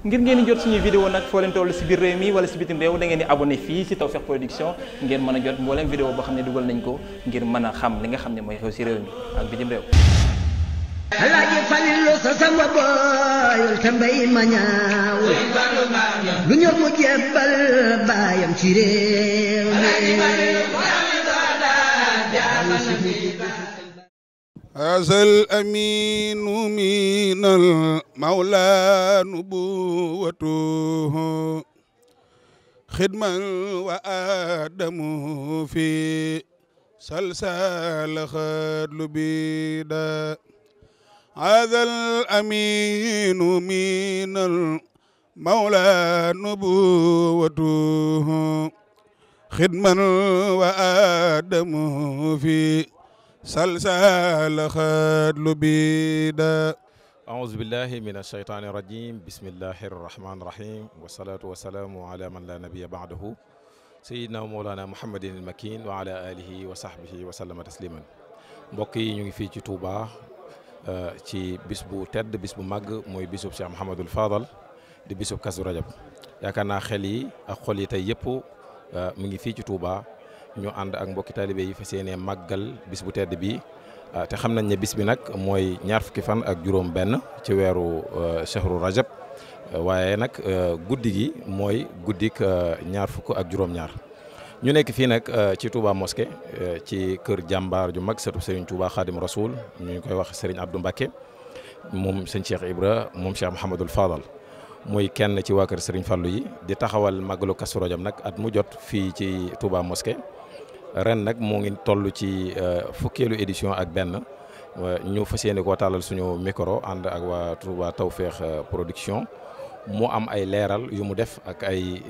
ngir ngeen di jot suñuy vidéo nag foo leen toll si biir réew mi wala si bitim réew da ngeen di abonné fii si Tawfekh Production ngeen mën a jot mbooleem vidéo boo xam ne dugal nañ ko ngir mën a xam li nga xam ne mooy xew si réew mi ak bitim réew alaaji Falilu sa sama booyul te lu ñëw mu jébbal baayam ci réew هذا الأمين من المولى نبوته خدما وآدم في سلسال خدل بيدا هذا الأمين من المولى نبوته خدما وآدم في salsal xatlu bida aousubillahi min alsheytani irajim bismillahi arrahmani irrahim wasalatu wasalaamu ala man la nabiya baadahu sayidna moolana mouhamadin almakin wa ala alihi wa sahbihi wa sallama tasliman mbokk yi ñu ngi fii ci Touba euh, ci bis bu tedd bis bu màgg mooy bisub Cheikh Mouhamadul Fadal di bisub Kazu Rajab yaakaar naa xel yi ak xol yi tey yëpp euh, mu ngi fii ci Touba ñu ànd ak mbokki taalibe yi fa yéenee màggal bis bu tedd bi ah, te xam nañ ne bis bi nag mooy ñaar fukki fan ak juróom benn ci weeru chahru euh, rajab euh, waaye nag euh, guddi gi mooy guddik ñaar fukk ak juróom-ñaar ñu nekk fii nag ci Touba mosquée ci kër jàmbaar ju mag sëtu Serigne Touba Khadim Rasoul ñu koy wax Serigne Abdou Mbacké moom sëñ Cheikh Ibra moom Cheikh Mouhamadul Fadal muy kenn ci waa kër Serigne Fallou yi di taxawal màggalu Kazu Rajab nag at mu jot fii ci Touba moske ren nag mu ngi toll ci euh, fukkeelu édition ak benn euh, ñu fa yéene koo tàllal suñu micro ànd ak waa Touba Tawfekh euh, Production mu am ay leeral yu mu def ak ay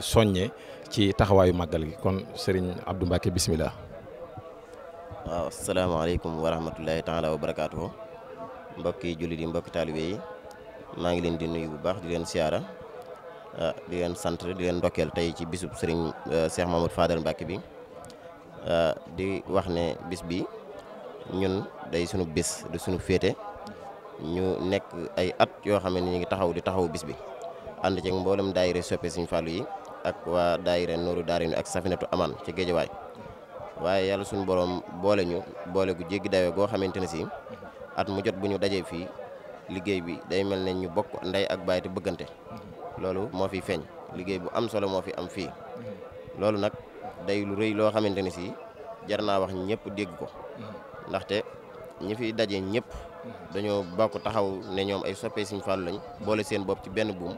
soññe ci taxawaayu màggal gi kon sëriñ Abdou Mbacke bismillah waaw asalaamaaleykum wa rahmatullahi taala wa barakaatuhu mbokki jullit yi mbokki taalibe yi maa ngi leen di nuyu bu baax di leen siyaara ah, di leen sant di leen ndokkeel tey ci bisub sëriñ ah, Cheikh Mamadou Fadal Mbacke bi ah, di wax ne bis bi ñun day sunu bis di sunu féete ñu nekk ay at yoo xam ne ñu ngi taxaw di taxaw bis bi ànd ceeg mboolem daayire soppe Sëriñ Fallu yi ak waa daayire Nooru Daarayni ak Safinatu Aman ci Géejawaay waaye yàlla suñu borom boole ñu boole gu jéggi dayoo goo xamante ne si at mu jot bu ñu dajee fii liggéey bi day mel ne ñu bokk ndey ak baay te bëggante mm-hmm. loolu moo fi feeñ liggéey bu am solo moo fi am fii mm-hmm. loolu nag day lu rëy loo xamante ni si jar naa wax ñëpp dégg ko mm-hmm. ndaxte ñi fi daje ñëpp dañoo bokk taxaw ne ñoom ay soppee Sëriñ Fallu lañ boole seen bopp ci benn buum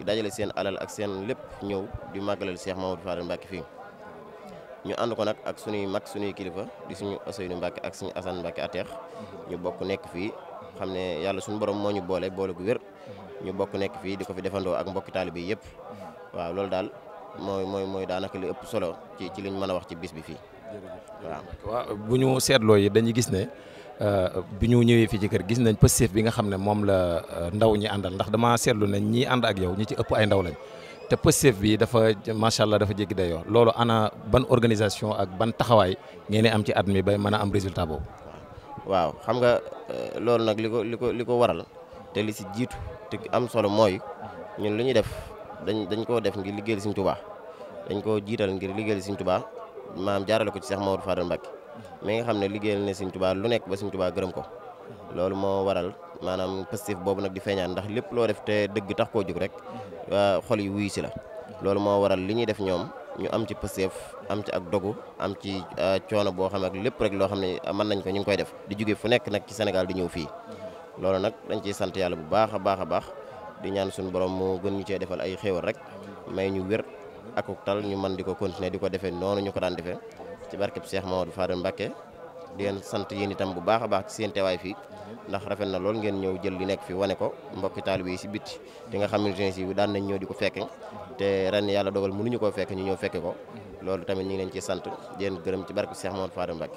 dajale seen alal ak seen lépp ñëw di màggalal Cheikh Mamadou Fadal Mbacke fii ñu ànd ko nag ak suñuy mag suñuy kilifa di suñu Ousseynou Mbacke ak suñu Assane Mbacke ateex ñu bokk nekk fii xam ne yàlla suñu borom moo ñu boole boole gu wér ñu bokk nekk fii di ko fi defandoo ak mbokki taalibe yi yëpp waaw loolu daal mooy mooy mooy daanaka li ëpp solo ci ci liñ mën a wax ci bis bi fii waaw bu ñu seetloo yi dañuy gis ne euh, bu ñu ñëwee fii ci kër gis nañ positif bi nga xam ne moom la euh, ndaw ñi àndal ndax dama seetlu nañ ñi ànd ak yow ñi ci ëpp ay ndaw lañ te positif bi dafa macha allah dafa jéggi dayoo loolu ana ban organisation ak ban taxawaay ngeen am ci at mi bay mën a am résultat boobu waaw xam nga euh, loolu nag li ko li ko li ko waral te li si jiitu te am solo mooy ñun lu ñuy def dañ dañ koo def ngir liggéeyal Sëriñ Tuubaa dañ koo jiital ngir liggéeyal Sëriñ Tuubaa maam jaarale ko ci Cheikh Maodo Fadal Mbacké mi nga xam ne liggéeyal ne Sëriñ Tuubaa lu nekk ba Sëriñ Tuubaa gërëm ko loolu moo waral maanaam positif boobu nag di feeñaan ndax lépp loo def te dëgg tax koo jóg rek xol yi wuyu si la loolu moo waral li ñuy def ñoom ñu am ci pëseef am ci ak dogu am ci euh, coono boo xam lépp rek loo xam ne mën nañ ko ñu ngi koy def di jugee fu nekk nag ci Sénégal di ñëw fii loolu nag dañ ciy sant yàlla bu baax a baax a baax di ñaan suñu borom mu gën ñu cee defal ay xéewal rek may ñu wér akuk tal ñu mën di ko continuer di ko defee noonu ñu ko daan defee ci barkeb Cheikh Mamadou Fadel Mbacké di leen sant yéen itam bu baax a baax ci seen teewaay fii ndax rafet na lool ngeen ñëw jël li nekk fi wane ko mbokki taalibe si biti te nga xamante ne si daan nañ ñëw di ko fekke te ren yàlla dogal mënuñu koo fekke ñu ñëw fekke ko loolu tamit ñu ngi leen ci sant di leen gërëm ci barke Cheikh Mamadou Fadou Mbacke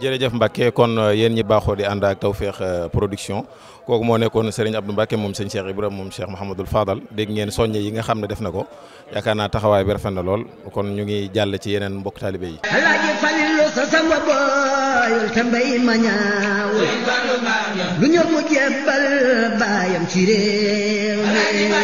jërëjëf Mbacke kon euh, yéen ñi baaxoo di ànd ak Tawfekh euh, Production kooku moo nekkoon Serigne Abdou Mbacke moom sëñ Cheikh Ibrahima moom Cheikh Mouhamadoul Fadal dégg ngeen soññe yi nga xam ne def na ko yaakaar naa taxawaay bi rafet na lool kon ñu ngi jàll ci yeneen mbokk taalibe yi sa sanga booyul te mbay ma ñaaw lu ñor mu jébbal baayam ci réew mi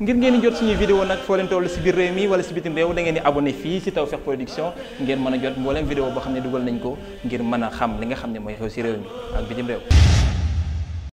ngir ngeen jot suñuy vidéo nag foo leen toll si biir réew mi wala si bitim réew da ngeen di abonné fii si Tawfekh Production ngeen mën a jot mbooleem vidéo boo xam ne dugal nañ ko ngir mëna xam li nga xam ne mooy xew si réew mi ak bitim réew